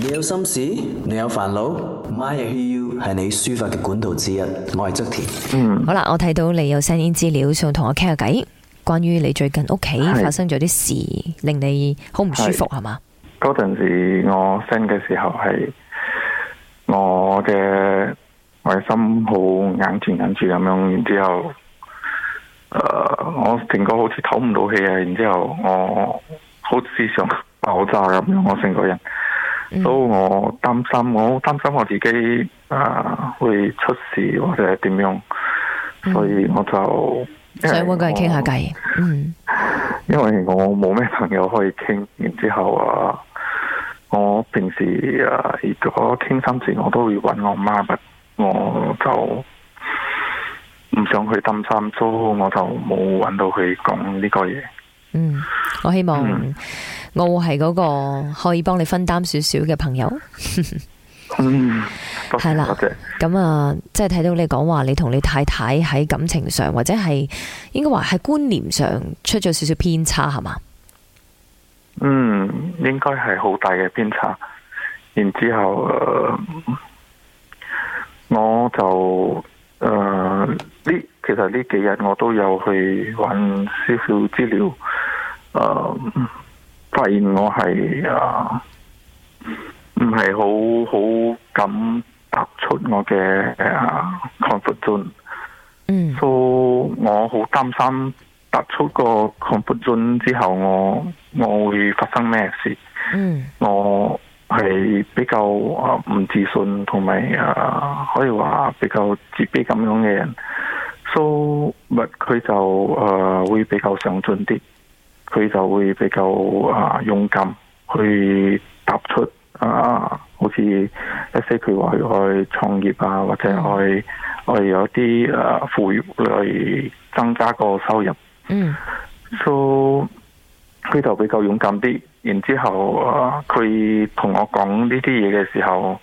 你有心事，你有煩惱，My I Hear U 係你抒發嘅管道之一。我係則田。嗯、mm，hmm. 好啦，我睇到你有聲音資料，想同我傾下偈。關於你最近屋企發生咗啲事，是令你好唔舒服係嘛？嗰陣是嗎時我 send 嘅時候係我嘅內心好硬住硬住咁樣，然後之後，呃、我成個好似唞唔到氣啊！然後之後我好似想爆炸咁樣，mm hmm. 我成個人。所以、嗯、我擔心，我擔心我自己啊會出事或者係點樣，嗯、所以我就想搵個人傾下偈。嗯，因為我冇咩、嗯、朋友可以傾，然之後啊，我平時啊如果傾心事，我都會搵我媽，不我就唔想去擔心，所以我就冇搵到佢講呢個嘢。嗯，我希望、嗯。嗯我會係嗰個可以幫你分擔少少嘅朋友， 嗯，係啦，咁啊 了謝，即係睇到你講話，你同你太太喺感情上或者係應該話喺觀念上出咗少少偏差係嘛？嗯，應該係好大嘅偏差。然之後，呃、我就誒呢、呃，其實呢幾日我都有去揾少少資料，誒、呃。發現我係、呃、啊，唔係好好敢踏出我嘅誒 comfort zone 嗯，so 我好擔心踏出個 comfort zone 之後我我會發生咩事，嗯，mm. 我係比較啊唔、呃、自信同埋啊可以話比較自卑咁樣嘅人，so 佢就誒、呃、會比較上進啲。佢就會比較啊勇敢去踏出啊，好似一些佢話去創業啊，或者去去有啲啊副業嚟增加個收入。嗯，So 佢就比較勇敢啲。然之後啊，佢同我講呢啲嘢嘅時候，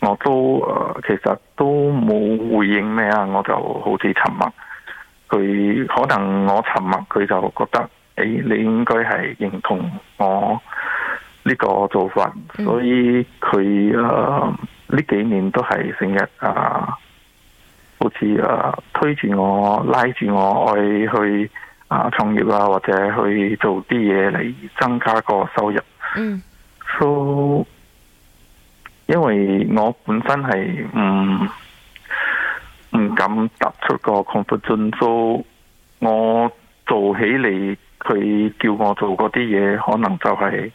我都誒、啊、其實都冇回應咩啊，我就好似沉默。佢可能我沉默，佢就覺得。誒，你應該係認同我呢個做法，嗯、所以佢誒呢幾年都係成日啊，uh, 好似誒、uh, 推住我拉住我，去去啊創業啊，或者去做啲嘢，嚟增加個收入。嗯，所以、so, 因為我本身係唔唔敢踏出個 comfort zone，我做起嚟。佢叫我做嗰啲嘢，可能就係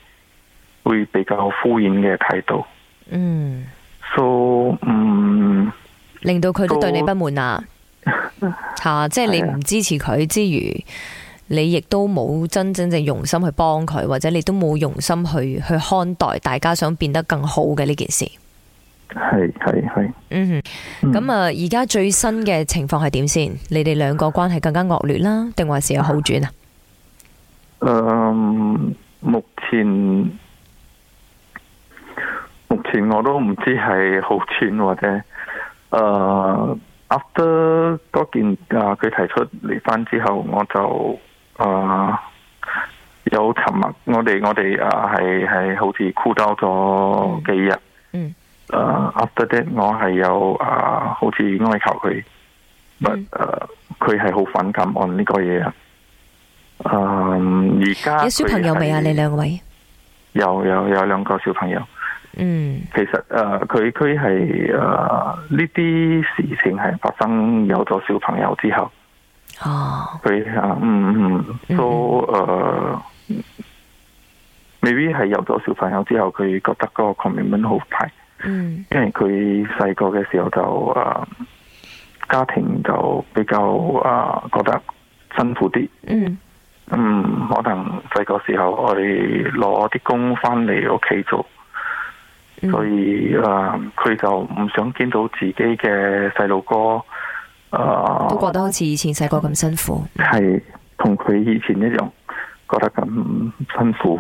會比較敷衍嘅態度。嗯，so, 嗯令到佢都對你不滿 啊，吓，即係你唔支持佢之餘， 你亦都冇真真正用心去幫佢，或者你都冇用心去去看待大家想變得更好嘅呢件事。係係係，嗯，咁 啊，而家最新嘅情況係點先？你哋兩個關係更加惡劣啦，定還是有好轉啊？ 嗯、um，目前目前我都唔知係好轉或者，誒、呃、after 件啊佢提出離婚之後，我就誒、啊、有沉默。我哋我哋啊係係好似箍到咗幾日。嗯、mm. uh,。誒，after that 我係有啊，好似哀求佢，但誒佢係好反感我呢個嘢。嗯，而家有小朋友未啊？你兩位有有有兩個小朋友。嗯，其實誒，佢佢係誒呢啲事情係發生有咗小朋友之後。哦。佢啊，嗯嗯，都誒 maybe 係有咗小朋友之後，佢覺得個 commitment 好大。嗯。因為佢細個嘅時候就誒、啊，家庭就比較誒、啊、覺得辛苦啲。嗯。嗯，可能細個時候我哋攞啲工翻嚟屋企做，所以誒佢、嗯呃、就唔想見到自己嘅細路哥。呃、都覺得好似以前細個咁辛苦，係同佢以前一樣覺得咁辛苦。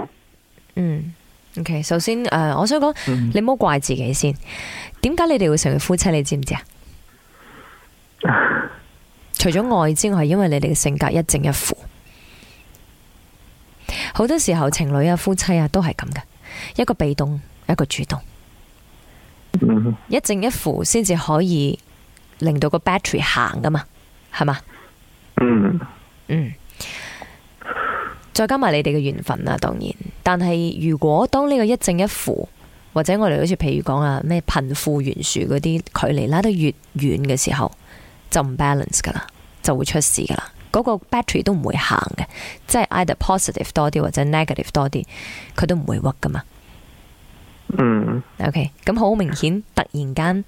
嗯，OK，首先誒、呃，我想講、嗯、你唔好怪自己先。點解你哋會成為夫妻？你知唔知啊？唉除咗愛之外，係因為你哋嘅性格一正一負。好多時候情侶啊、夫妻啊都係咁嘅，一個被動，一個主動，mm hmm. 一正一負先至可以令到個 battery 行噶嘛，係嘛？嗯、mm hmm. 嗯，再加埋你哋嘅緣分啦、啊，當然。但係如果當呢個一正一負，或者我哋好似譬如講啊咩貧富懸殊嗰啲距離拉得越遠嘅時候，就唔 balance 噶啦，就會出事噶啦。嗰個 battery 都唔會行嘅，即係 either positive 多啲或者 negative 多啲，佢都唔會屈噶嘛。嗯。OK，咁好明顯，突然間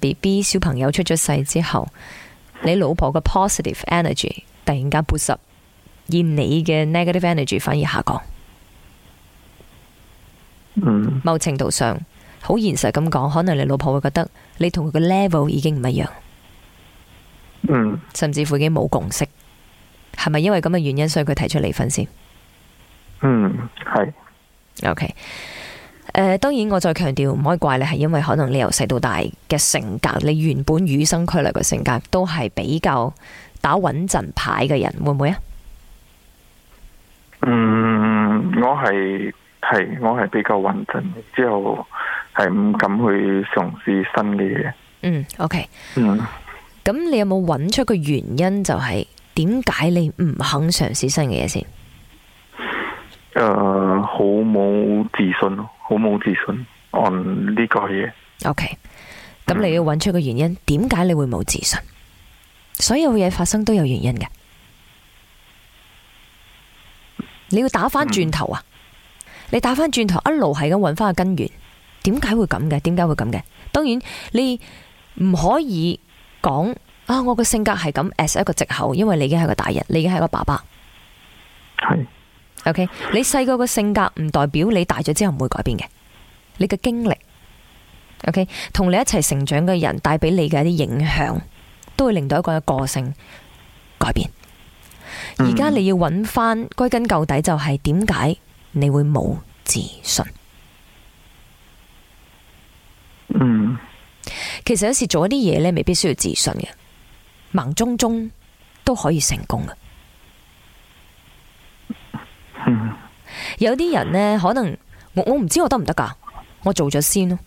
BB 小朋友出咗世之後，你老婆嘅 positive energy 突然間拔濕，而你嘅 negative energy 反而下降。Mm. 某程度上，好現實咁講，可能你老婆會覺得你同佢嘅 level 已經唔一樣。嗯，甚至乎已經冇共識，係咪因為咁嘅原因，所以佢提出離婚先？嗯，係。O K，誒，當然我再強調，唔可以怪你，係因為可能你由細到大嘅性格，你原本與生俱來嘅性格都係比較打穩陣牌嘅人，會唔會啊？嗯，我係係我係比較穩陣，之後係唔敢去嘗試新嘅嘢。嗯，O K，嗯。嗯。咁你有冇搵出個原因？就係點解你唔肯嘗試新嘅嘢先？誒，好冇自信，好冇自信。按呢個嘢，OK。咁你要搵出個原因，點解你會冇自信？所有嘢發生都有原因嘅，你要打翻轉頭啊！Mm. 你打翻轉頭，一路係咁搵翻個根源，點解會咁嘅？點解會咁嘅？當然你唔可以。講啊，我個性格係咁，as 一個藉口，因為你已經係個大人，你已經係個爸爸，係、嗯、，OK，你細個個性格唔代表你大咗之後唔會改變嘅，你嘅經歷，OK，同你一齊成長嘅人帶俾你嘅一啲影響，都會令到一個人個性改變。而家你要揾翻歸根究底，就係點解你會冇自信？其實有時做一啲嘢咧，未必需要自信嘅，盲中中都可以成功嘅。嗯，有啲人呢，可能我我唔知我得唔得噶，我，我，我，行行我做咗先咯，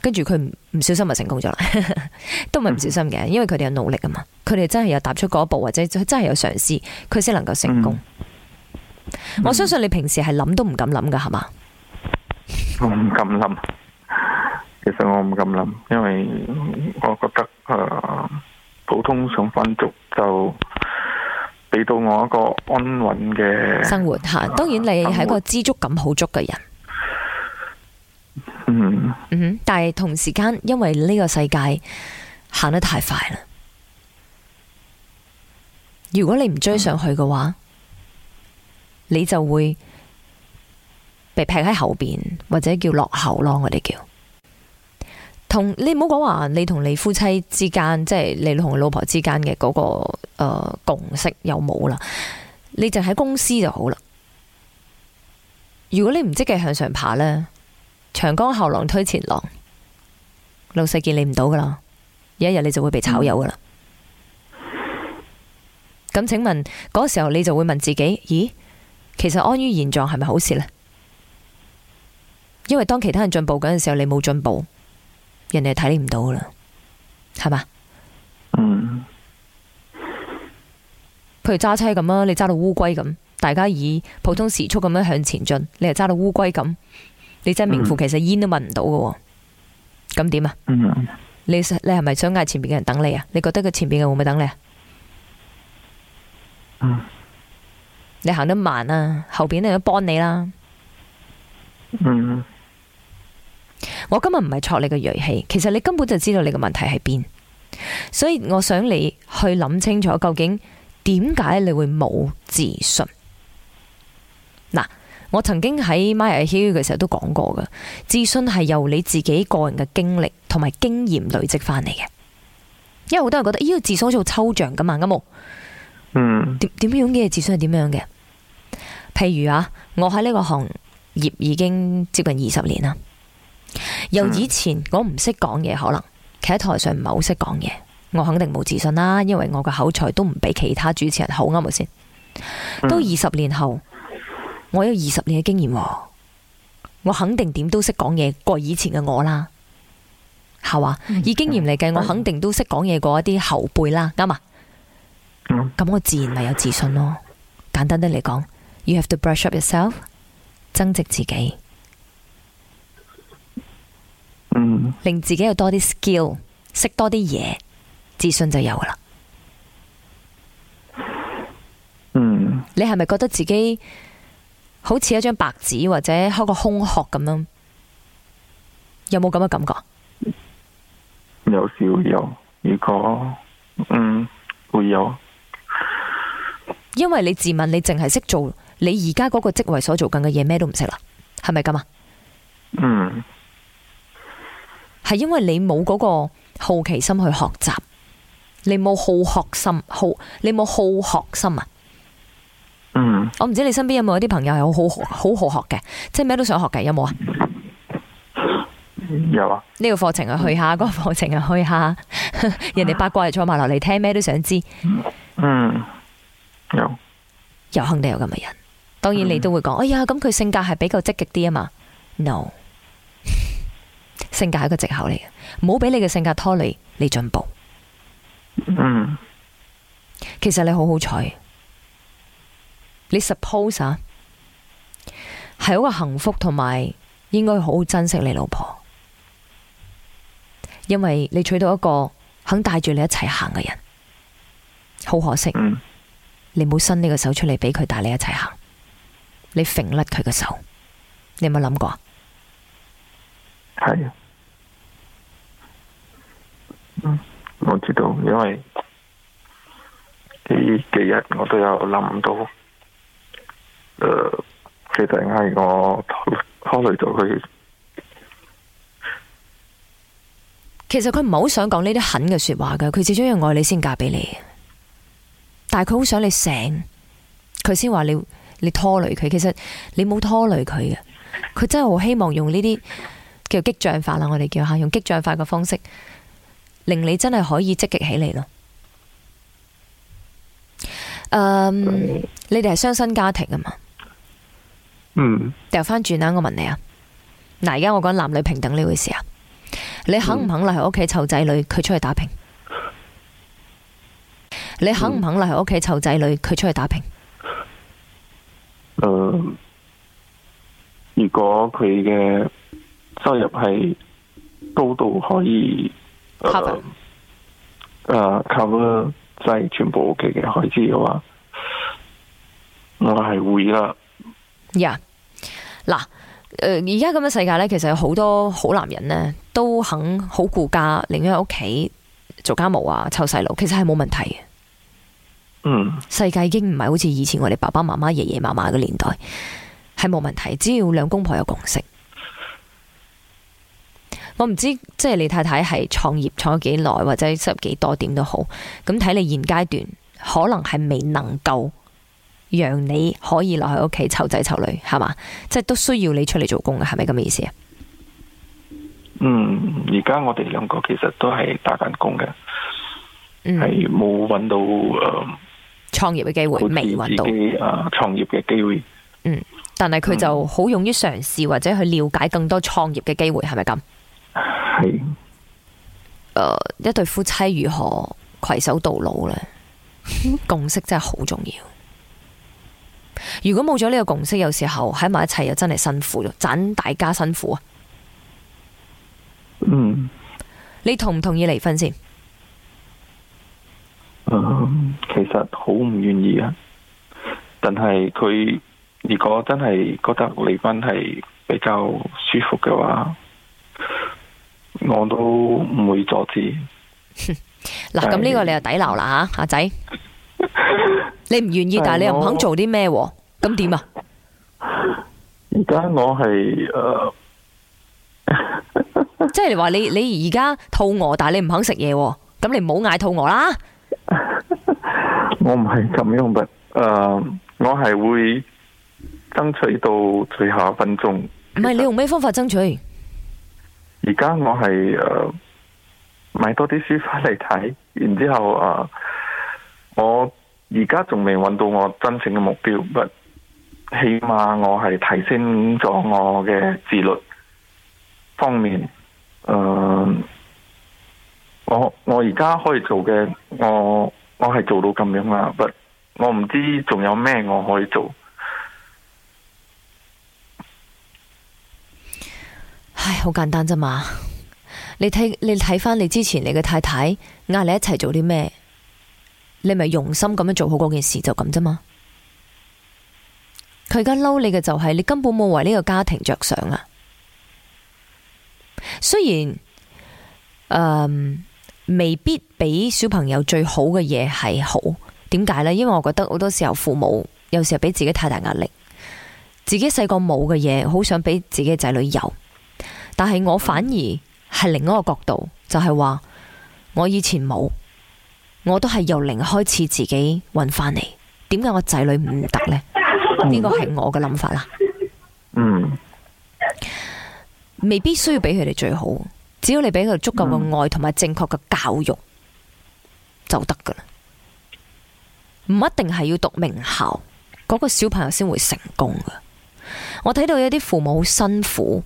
跟住佢唔小心咪成功咗啦， 都唔係唔小心嘅，嗯，因為佢哋有努力啊嘛，佢哋真係有踏出嗰一步，或者真係有嘗試，佢先能夠成功。嗯，我相信你平時係諗都唔敢諗噶，係嘛？我唔敢諗.。 其實我唔敢諗，因為我覺得、呃、普通上班族就俾到我一個安穩嘅生活吓、啊。當然你係一個知足感好足嘅人。嗯，哼嗯但係同時間，因為呢個世界行得太快啦，如果你唔追上去嘅話，嗯、你就會被劈喺後邊，或者叫落後咯，我哋叫。同你唔好講話，你同你，你夫妻之間，即係你同你老婆之間嘅嗰個誒、呃、共識又有冇啦？你就喺公司就好啦。如果你唔積極向上爬呢，長江後浪推前浪，老細見你唔到噶啦，有一日你就會被炒魷噶啦。咁、嗯、請問，嗰、那個、時候你就會問自己：咦，其實安於現狀係咪好事呢？因為當其他人進步嗰陣時候，你冇進步。人哋睇你唔到啦，係嘛？嗯。譬如揸車咁啊，你揸到烏龜咁，大家以普通時速咁樣向前進，你係揸到烏龜咁，你真係名副其實煙都聞唔到嘅、哦。咁點啊？嗯、你你係咪想嗌前邊嘅人等你啊？你覺得佢前邊嘅會唔會等你啊？嗯、你行得慢啊，後邊人都幫你啦、啊嗯。嗯。我今日唔係戳你嘅銳氣，其實你根本就知道你嘅問題喺邊，所以我想你去諗清楚究竟點解你會冇自信。嗱，我曾經喺 My I Hear U 嘅時候都講過嘅，自信係由你自己個人嘅經歷同埋經驗累積翻嚟嘅。因為好多人覺得呢個、欸、自信好似好抽象噶嘛，咁冇嗯，點點樣嘅自信係點樣嘅？譬如啊，我喺呢個行業已經接近二十年啦。由以前我唔識講嘢，可能企喺台上唔係好識講嘢，我肯定冇自信啦。因為我嘅口才都唔比其他主持人好，啱咪先？都二十年後，我有二十年嘅經驗，我肯定點都識講嘢過以前嘅我啦，係嘛？嗯嗯、以經驗嚟計，我肯定都識講嘢過一啲後輩啦，啱啊？咁、嗯、我自然咪有自信咯。簡單啲嚟講，You have to brush up yourself，增值自己。令自己有多啲 skill，識多啲嘢，自信就有啦。嗯，mm. 你係咪覺得自己好似一張白紙或者開個空殼咁樣？有冇咁嘅感覺？有少有，如果嗯會有，因為你自問你淨係識做你而家嗰個職位所做緊嘅嘢，咩都唔識啦，係咪咁啊？嗯。Mm. 係因為你冇嗰個好奇心去學習，你冇好學心，好，你冇好學心啊？嗯，我唔知你身邊有冇啲朋友係好好好好學嘅，即係咩都想學嘅，有冇啊？有啊！呢個課程啊去下，嗰、嗰個課程去下， 人哋八卦又坐埋落嚟聽，咩都想知。嗯，有，有，有肯定有咁嘅人。當然你都會講，嗯、哎呀，咁佢性格係比較積極啲啊嘛。No。性格係一個借口嚟嘅，唔好俾你嘅性格拖累你嚟進步。嗯、mm，hmm. 其實你好好彩，你 suppose 係好個幸福，同埋應該好好珍惜你老婆，因為你娶到一個肯帶住你一齊行嘅人。好可惜，mm hmm. 你冇伸呢個手出嚟俾佢帶你一齊行，你甩甩佢嘅手，你有冇諗過啊？Yeah. 嗯、我知道，因為呢幾日我都有諗到、呃，其實係我拖累咗佢。其實佢唔係好想講呢啲狠嘅說話嘅，佢始終要愛你先嫁俾你。但係佢好想你醒，佢先話你你拖累佢。其實你冇拖累佢嘅，佢真係好希望用呢啲叫激將法啦，我哋叫下用激將法嘅方式。令你真係可以積極起嚟咯。Um, 對嗯，你哋係雙生家庭啊嘛？嗯。掉翻轉啦，我問你啊，嗱，而家我講男女平等呢回事啊，你肯唔肯留喺屋企湊仔女？佢出去打拼。嗯嗯、你肯唔肯留喺屋企湊仔女？佢出去打拼。嗯，如果佢嘅收入係高度可以。誒，誒 cover 即係全部屋企嘅開支嘅話，我係會啦。呀，yeah.，嗱，呃，誒，而家咁嘅世界呢，其實有好多好男人呢，都肯好顧家，寧願喺屋企做家務啊，湊細路，其實係冇問題嘅。嗯。Mm. 世界已經唔係好似以前我哋爸爸媽媽爺爺嫲嫲嘅年代，係冇問題，只要兩公婆有共識。我唔知，即係你太太係創業創咗幾耐，或者收入幾多點都好。咁睇你現階段可能係未能夠讓你可以留喺屋企湊仔湊女，係嘛？即係都需要你出嚟做工嘅，係咪咁嘅意思啊？嗯，而家我哋兩個其實都係打緊工嘅，係冇搵到誒創, uh, 創業嘅機會，未搵到誒創業嘅機會。嗯，但係佢就好勇於嘗試或者去了解更多創業嘅機會，係咪咁？係，是 uh, 一對夫妻如何携手到老呢？ 共識真係好重要。如果冇咗呢個共識，有時候喺埋一齊又真係辛苦咗，盞大家辛苦啊。嗯，你同唔同意離婚先？嗯，其實好唔願意啊。但係佢如果真係覺得離婚係比較舒服嘅話，我都唔會阻止。嗱，咁呢個你就抵鬧啦吓，阿、啊、仔，你唔願意， 但係你又唔肯做啲咩，咁點啊？而家我係誒，呃、 即係你話你你而家肚餓，但係你唔肯食嘢，咁你唔好嗌肚餓啦 、呃。我唔係咁樣嘅，誒，我係會爭取到最後一分鐘。唔係，你用咩方法爭取？而家我係誒、呃、買多啲書翻嚟睇，然之後誒、呃、我而家仲未揾到我真正嘅目標，不起碼我係提升咗我嘅自律方面。誒、呃、我我而家可以做嘅，我我係做到咁樣啦，我不我唔知仲有咩我可以做。唉，好簡單啫嘛！你睇你睇翻你之前你嘅太太嗌你一齊做啲咩？你咪用心咁樣做好嗰件事就咁啫嘛！佢而家嬲你嘅就係你根本冇為呢個家庭着想啊！雖然，呃，未必俾小朋友最好嘅嘢係好，點解呢？因為我覺得好多時候父母有時係俾自己太大壓力，自己細個冇嘅嘢，好想俾自己仔女有。但係我反而係另一個角度，就係話我以前冇，我都係由零開始自己搵翻嚟。點解我仔女唔得呢？呢個係我嘅諗法啦。嗯，未必需要俾佢哋最好，只要你俾佢足夠嘅愛同埋正確嘅教育就得噶啦。唔一定係要讀名校，嗰個小朋友先會成功噶。我睇到有啲父母好辛苦。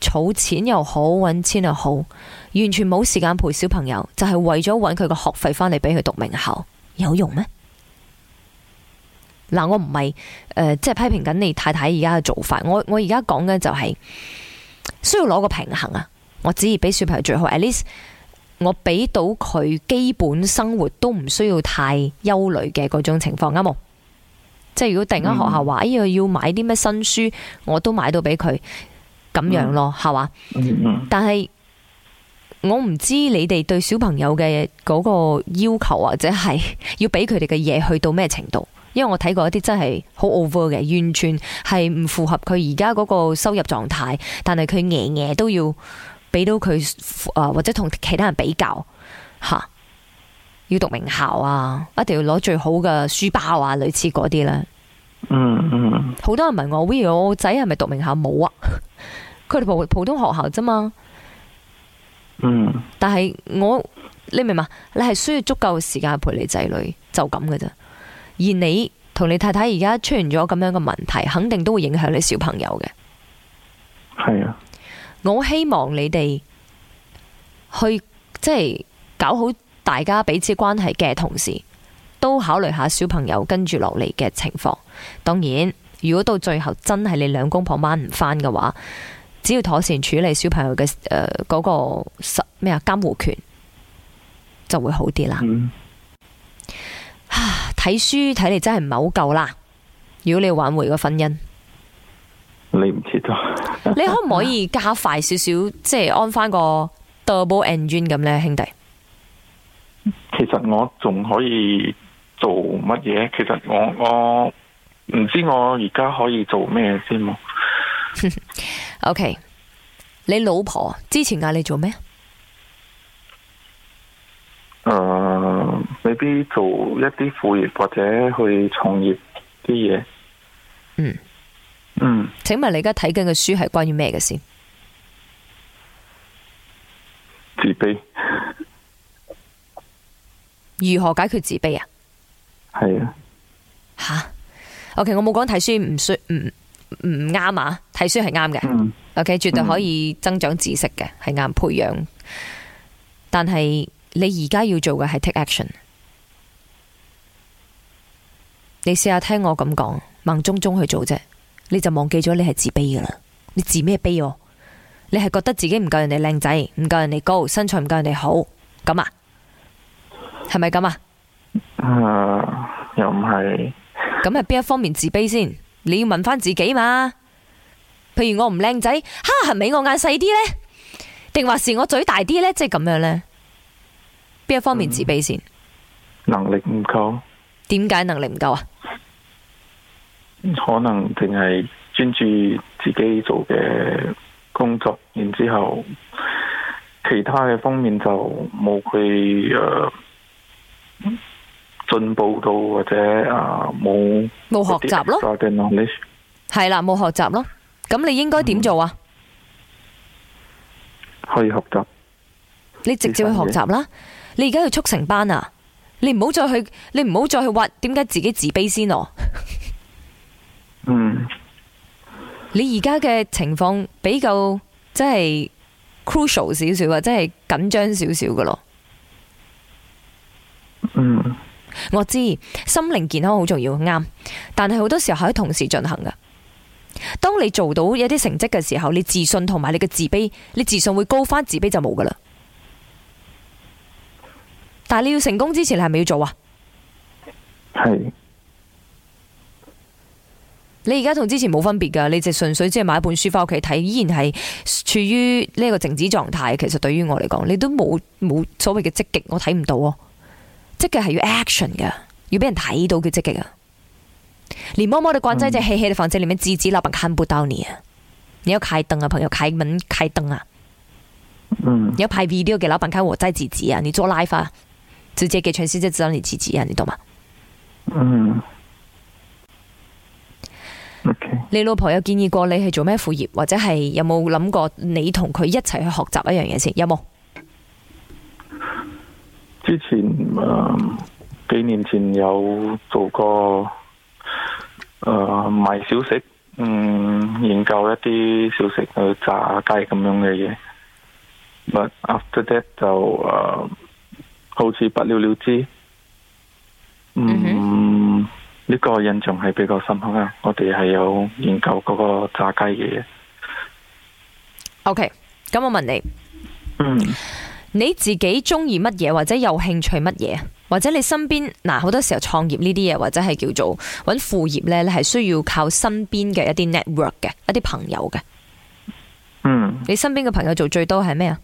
儲錢又好，搵錢又好，完全冇時間陪小朋友，就係為咗搵佢個學費翻嚟俾佢讀名校，有用咩？嗱、呃，我唔係誒，即係批評緊你太太而家嘅做法，我我而家講嘅就係需要攞個平衡啊！我只係俾小朋友最好 ，at least 我俾到佢基本生活都唔需要太憂慮嘅嗰種情況，啱冇？即係如果突然間學校話，哎呀要買啲咩新書，嗯、我都買到俾佢。咁樣咯，係嘛、嗯？吧但係我唔知你哋對小朋友嘅嗰個要求或者係要俾佢哋嘅嘢，去到咩程度？因為我睇過一啲真係好 over 嘅，完全係唔符合佢而家嗰個收入狀態。但係佢夜夜都要俾到佢啊，或者同其他人比較吓，要讀名校啊，一定要攞最好嘅書包啊，類似嗰啲咧。嗯嗯。好多人問我：喂，我仔係咪讀名校？冇啊。佢哋普通學校啫嘛，嗯，但係我你明嘛？你係需要足夠嘅時間陪你仔女，就咁嘅啫。而你同你太太而家出現咗咁樣嘅問題，肯定都會影響你小朋友嘅。係啊，我希望你哋去即係搞好大家彼此關係嘅同時，都考慮下小朋友跟住落嚟嘅情況。當然，如果到最後真係你兩公婆掹唔翻嘅話。只要妥善處理小朋友嘅嗰、呃那個咩啊，監護權就會好啲啦。啊、嗯，睇書睇嚟，真係唔係好夠啦。如果你挽回個婚姻，你唔知道， 你可唔可以加快少少，即係安翻個 double engine 咁呢？兄弟？其實我仲可以做乜嘢？其實我我唔知我而家可以做咩先。 o、okay, K，你老婆之前嗌你做咩？誒，未必做一啲副業或者去創業啲嘢。嗯嗯，嗯，請問你而家睇緊嘅書係關於咩嘅先？自卑。 如何解決自卑啊？係啊。吓？O K，我冇講睇書唔需，唔。嗯唔啱啊！睇書係啱嘅，OK，絕對可以增長知識嘅，係啱培養。但係你而家要做嘅係 take action。你試下聽我咁講，盲中中去做啫，你就忘記咗你係自卑噶啦。你自咩悲喎？你係覺得自己唔夠人哋靚仔，唔夠人哋高，身材唔夠人哋好，咁啊？係咪咁啊？啊，又唔係？咁係邊一方面自卑先？你要問翻自己嘛？譬如我唔靚仔，哈，係咪我眼細啲呢？定話是我嘴大啲呢？即係咁樣呢？邊一方面自卑先？能力唔夠？點解能力唔夠啊？可能淨係專注自己做嘅工作，然之後其他嘅方面就冇佢。進步到或者啊冇冇學習咯，係啦冇學習咯，咁你應該點做啊、嗯？可以學習，你直接去學習啦！你而家去速成班啊！你唔好再去，你唔好再去話點解自己自卑先哦、啊， 嗯，你而家嘅情況比較即係 crucial 少少啊，即係緊張少少噶咯。嗯。我知心靈健康好重要，啱。但係好多時候係喺同時進行嘅。當你做到一啲成績嘅時候，你自信同埋你嘅自卑，你自信會高翻，自卑就冇噶啦。但係你要成功之前，你係咪要做啊？係是。你而家同之前冇分別噶，你就純粹只係買一本書翻屋企睇，依然係處於呢個靜止狀態。其實對於我嚟講，你都冇冇所謂嘅積極，我睇唔到啊。積極係要 action 嘅，要俾人睇到佢積極啊！連摸摸地關仔只氣氣嘅房間裏面，字字老闆看不到你啊！你有開燈啊，朋友，開門開燈啊！嗯，你有拍 video 嘅老闆看我在幾級啊？你做 live 啊？直接給全世界知道你幾級啊？你懂嗎？嗯。Okay. 你老婆有建議過你去做咩副業，或者係有冇諗過你同佢一齊去學習一樣嘢先？有冇？之前誒、嗯、幾年前有做過誒賣、呃、小食，嗯，研究一啲小食去炸雞咁樣嘅嘢。But after that 就誒、呃、好似不了了之。嗯，呢、mm hmm. 個印象係比較深刻啊！我哋係有研究嗰個炸雞嘅嘢。OK，咁我問你。嗯。你自己中意乜嘢或者有興趣乜嘢，或者你身邊嗱好多時候創業呢啲嘢或者係叫做揾副業呢，你係需要靠身邊嘅一啲 network 嘅一啲朋友嘅。嗯。你身邊嘅朋友做最多係咩啊？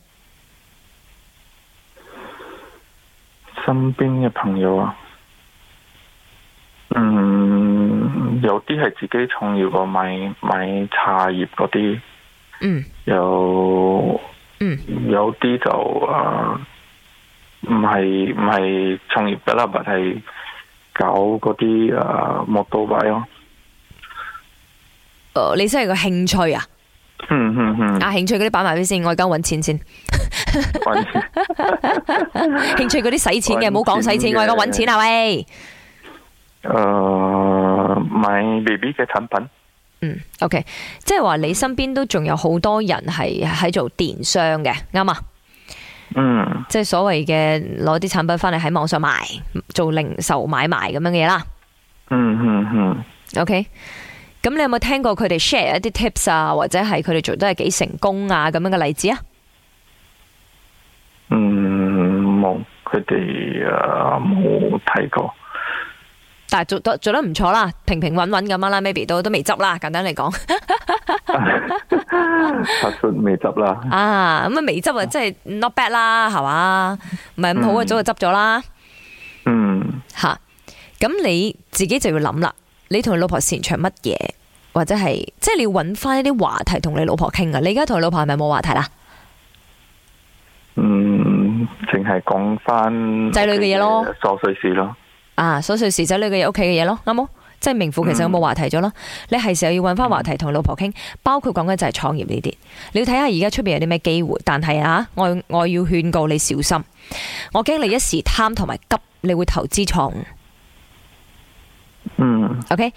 身邊嘅朋友啊，嗯，有啲係自己創業個賣賣茶葉嗰啲，嗯，有。嗯，有啲就誒，唔係唔係創業嘅啦，係搞嗰啲誒木刀擺咯。誒、呃啊呃，你真係個興趣啊？嗯嗯嗯。嗯嗯啊，興趣嗰啲擺埋俾先，我而家搵錢先。 賺錢 興趣嗰啲使錢嘅，唔好講使錢，我而家搵錢啊喂。誒、呃，買 B B 嘅產品。嗯，OK，即係話你身邊都仲有好多人係喺做電商嘅，啱啊。嗯，即係所謂嘅攞啲產品翻嚟喺網上賣，做零售買賣咁樣嘅嘢啦。嗯嗯嗯，OK。咁你有冇聽過佢哋 share 一啲 tips 啊，或者係佢哋做得係幾成功啊咁樣嘅例子啊？嗯，冇，佢哋啊冇睇過。做得做得唔錯啦，平平穩穩咁啦，maybe 都都未執啦，簡單嚟講，未執啦。啊，咁啊未執啊，即係 not bad 啦，係嘛，唔係咁好啊，早就執咗啦。嗯，吓，咁你自己就要諗啦，你同你老婆擅長乜嘢，或者係即係你要揾翻一啲話題同你老婆傾啊，你而家同你老婆係咪冇話題啦？嗯，淨係講翻仔女嘅嘢咯，瑣碎、嗯、事咯。啊，所碎事仔呢嘅嘢，屋企嘅嘢咯，啱冇？即係名副其實冇話題咗咯。Mm. 你係時候要搵翻話題同老婆傾，包括講緊就係創業呢啲。你要睇下而家出邊有啲咩機會，但係啊，我我要勸告你小心，我驚你一時貪同埋急，你會投資錯誤。嗯、mm.，OK。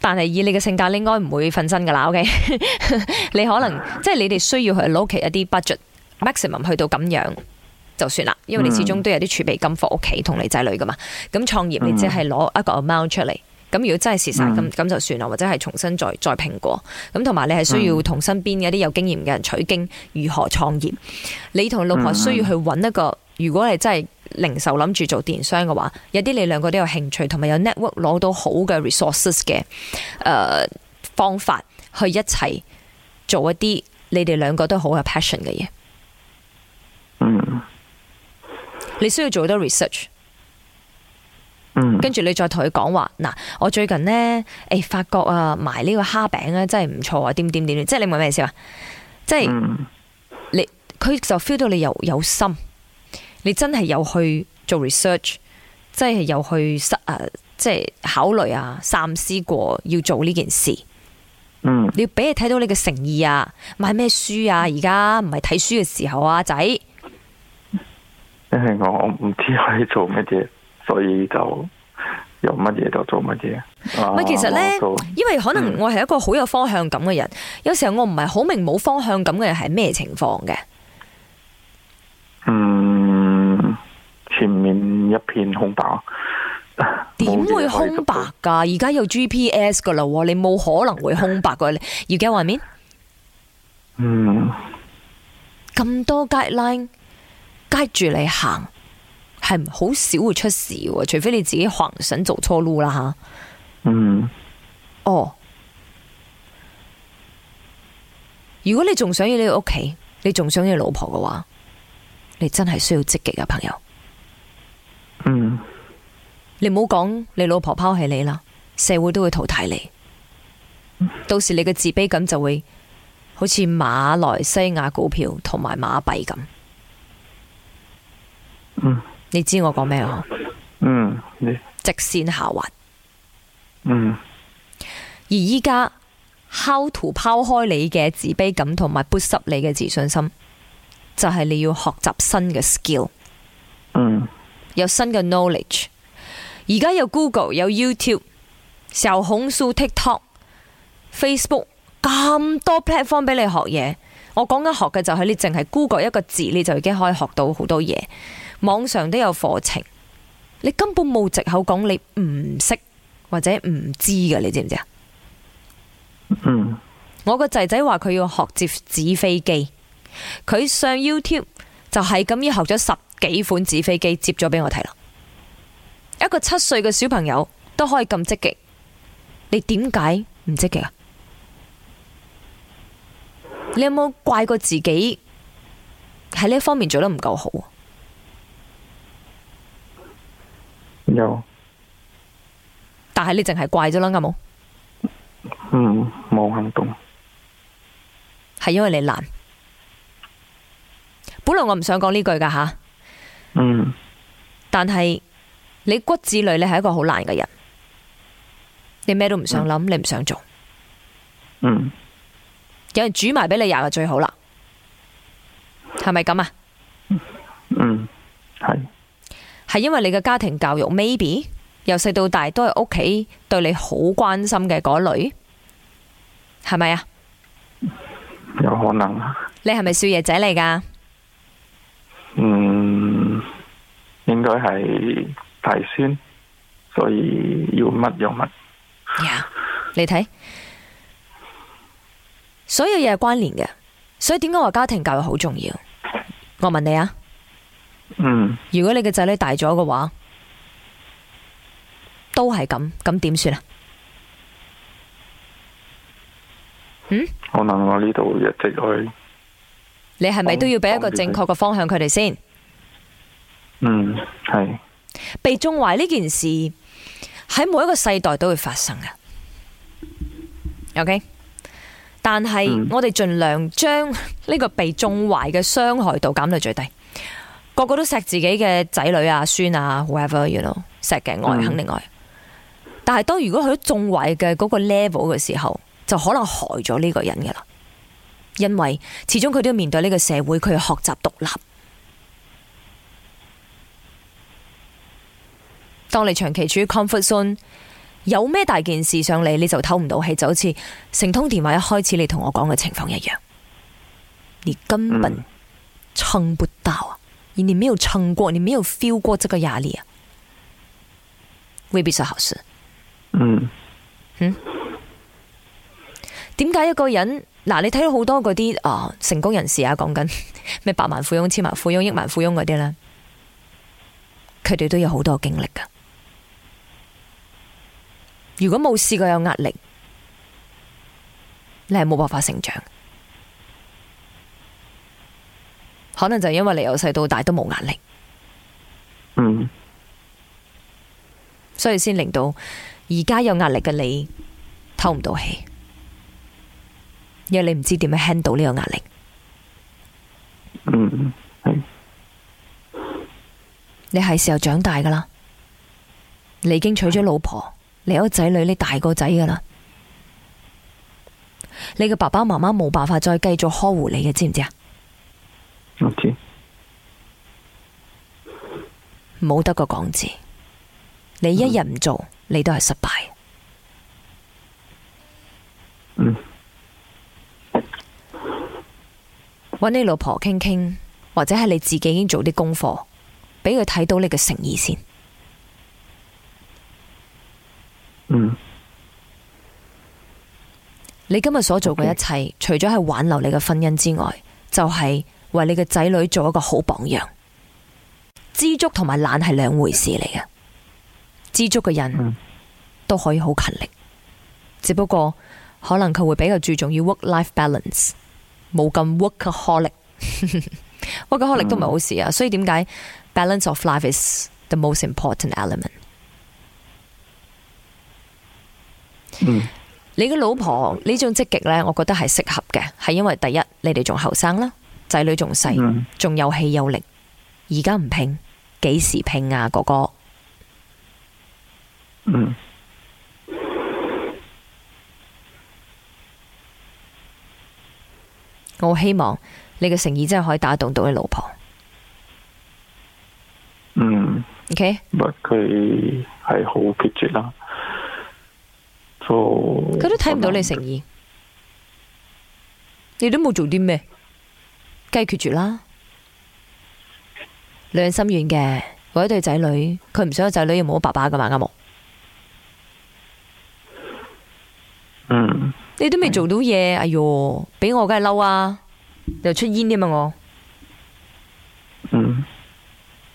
但係以你嘅性格，你應該唔會瞓身噶啦。OK， 你可能即係你哋需要去攞起一啲 budget maximum 去到咁樣。就算啦，因為你始終都有啲儲備金放屋企同你仔女噶嘛。咁創業你只係攞一個 amount 出嚟，咁、嗯、如果真係蝕晒咁，咁就算啦，或者係重新再再拼過。咁同埋你係需要同身邊嘅一啲有經驗嘅人取經，如何創業？你同老婆需要去揾一個，如果係真係零售諗住做電商嘅話，有啲你兩個都有興趣，同埋有 network 攞到好嘅 resources 嘅，誒、呃、方法去一齊做一啲你哋兩個都好有 passion 嘅嘢。你需要做好多 research，跟住你再同佢講話嗱，我最近呢，誒發覺啊，買呢個蝦餅咧真係唔錯啊，點點點，即係你問咩意思啊？即係你佢就 feel 到你又有，有心，你真係有去做 research，即係有去思啊，即係考慮啊，三思過要做呢件事。嗯，你要俾佢睇到你嘅誠意啊，買咩書啊？而家唔係睇書嘅時候啊，仔。因為我唔知可以做乜嘢，所以就有乜嘢就做乜嘢。其實呢，因為可能我係一個好有方向感嘅人，嗯、有時候我唔係好明冇方向感嘅人係咩情況嘅。嗯，前面一片空白。點會空白噶？而家有 GPS 噶啦，你冇可能會空白噶。你而家畫面。I mean? 嗯。咁多 guideline 跟住你行，係好少會出事，除非你自己行神做錯路啦吓。嗯。Mm. 哦。如果你仲想要你屋企，你仲想要老婆嘅話，你真係需要積極嘅朋友。嗯。Mm. 你唔好講你老婆拋棄你啦，社會都會淘汰你。Mm. 到時你嘅自卑感就會好似馬來西亞股票同埋馬幣咁。.你知我講咩啊？嗯，你直線下滑。嗯，而依家，how to 拋開你嘅自卑感，同埋 boost 你嘅自信心，就係、是、你要學習新嘅 skill。嗯，有新嘅 knowledge。而家有 Google，有 YouTube，小紅書 TikTok、Facebook 咁多 platform 俾你學嘢。我講緊學嘅就係你，淨係 Google 一個字，你就已經可以學到好多嘢。網上都有課程，你根本冇借口講你唔識或者唔知㗎，你知唔知啊？Mm hmm. 我個仔仔話佢要學折紙飛機，佢上 YouTube 就係咁樣學咗十幾款紙飛機，折咗俾我睇啦。一個七歲嘅小朋友都可以咁積極，你點解唔積極啊？你有冇怪過自己喺呢一方面做得唔夠好？但係你淨係怪咗啦，係冇？嗯，冇行動。係因為你懶。本來我唔想講呢句㗎吓。嗯。但係你骨子裏你係一個好懶嘅人，你咩都唔想諗，嗯、你唔想做。嗯。有人煮埋俾你呀，就最好啦。係咪咁啊？嗯，係。係因為你嘅家庭教育，maybe 由細到大都係屋企對你好關心嘅嗰類，係咪啊？有可能啊？你是是？你係咪少爺仔嚟噶？嗯，應該係大孫，所以要乜有乜。Yeah, 你睇，所有嘢係關聯嘅，所以點解話家庭教育好重要？我問你啊。嗯，如果你嘅仔女大咗嘅話，都係咁，咁點算啊？嗯，可能我呢度一直去。你係咪都要俾一個正確嘅方向佢哋先？嗯，係。被縱壞呢件事喺每一個世代都會發生嘅。OK，但係我哋盡量將呢個被縱壞嘅傷害度減到最低。個個都錫自己嘅仔女啊、孫啊、whoever you know，錫嘅愛肯定愛，mm hmm. 但係當如果佢都縱壞嘅嗰個 level 嘅時候，就可能害咗呢個人嘅啦。因為始終佢都要面對呢個社會，佢要學習獨立。當你長期處於 comfort zone，有咩大件事上嚟你就唞唔到氣，就好似成通電話一開始你同我講嘅情況一樣，你根本撐、mm hmm. 唔到啊！你沒有撐過，你沒有 feel 過這個壓力啊，未必是好事。Mm. 嗯，嗯，點解一個人嗱？你睇到好多嗰啲啊，成功人士啊，講緊咩百萬富翁、千萬富翁、億萬富翁嗰啲呢，佢哋都有好多經歷噶。如果冇試過有壓力，你係冇辦法成長。可能就因為你由細到大都冇壓力，所以先令到而家有壓力嘅你，透唔到氣，因為你唔知點樣 handle 呢個壓力。你係時候長大噶啦，你已經娶咗老婆，你有仔女，你大個仔噶啦，你嘅爸爸媽媽冇辦法再繼續呵護你嘅，知唔知啊？冇得個講字，你一日唔做，你都係失敗。嗯、mm，揾、hmm. 你老婆傾傾，或者係你自己已經做啲功課，俾佢睇到你嘅誠意先。Mm hmm. Okay. 你今日所做嘅一切，除咗係挽留你嘅婚姻之外，就係、是。為你嘅仔女做一個好榜樣，知足同埋懶係兩回事嚟嘅。知足嘅人都可以好勤力，只不過可能佢會比較注重要 work-life balance，冇咁 workaholic。workaholic 都唔係好事啊！所以點解 balance of life is the most important element？、Mm. 你嘅老婆呢種積極呢，我覺得係適合嘅，係因為第一你哋仲後生啦。仔女仲細，仲、嗯、有氣有力，而家唔拼，幾時拼啊？哥哥，嗯、我希望你嘅誠意真係可以打動到你老婆。嗯，OK，不過佢係好決絕啦，佢都睇唔到你誠意，嗯、你都冇做啲咩？梗係決絕啦，良心軟嘅，為一對仔女，佢唔想有仔女又冇爸爸噶嘛，阿木。嗯、你都未做到嘢，嗯、哎喲，俾我梗係嬲啊，又出煙添嘛我。嗯、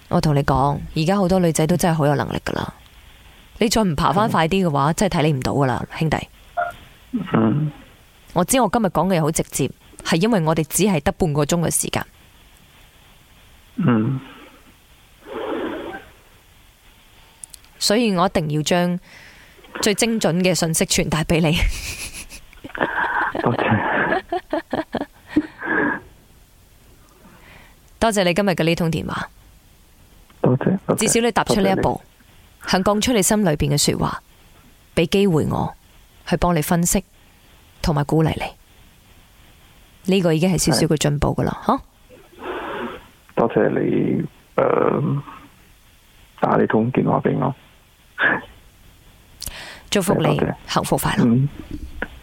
我同你講，而家好多女仔都真係好有能力噶啦，你再唔爬翻快啲嘅話，嗯、真係睇你唔到噶啦，兄弟。嗯、我知我今日講嘅嘢好直接。係因為我哋只係得半個鐘嘅時間，嗯，所以我一定要將最精準嘅信息傳達俾你。多謝，你今日嘅呢通電話。至少你踏出呢一步，肯講出你心裏邊嘅說話，俾機會我去幫你分析同埋鼓勵你。呢個已經係少少嘅進步噶啦，吓！多謝你，誒，打你通電話俾我，祝福你幸福快樂。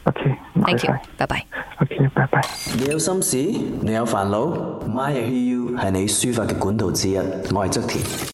Okay，thank you，bye bye。Okay，bye bye。你有心事，你有煩惱，MY I Hear U 係你抒發嘅管道之一，我係側田。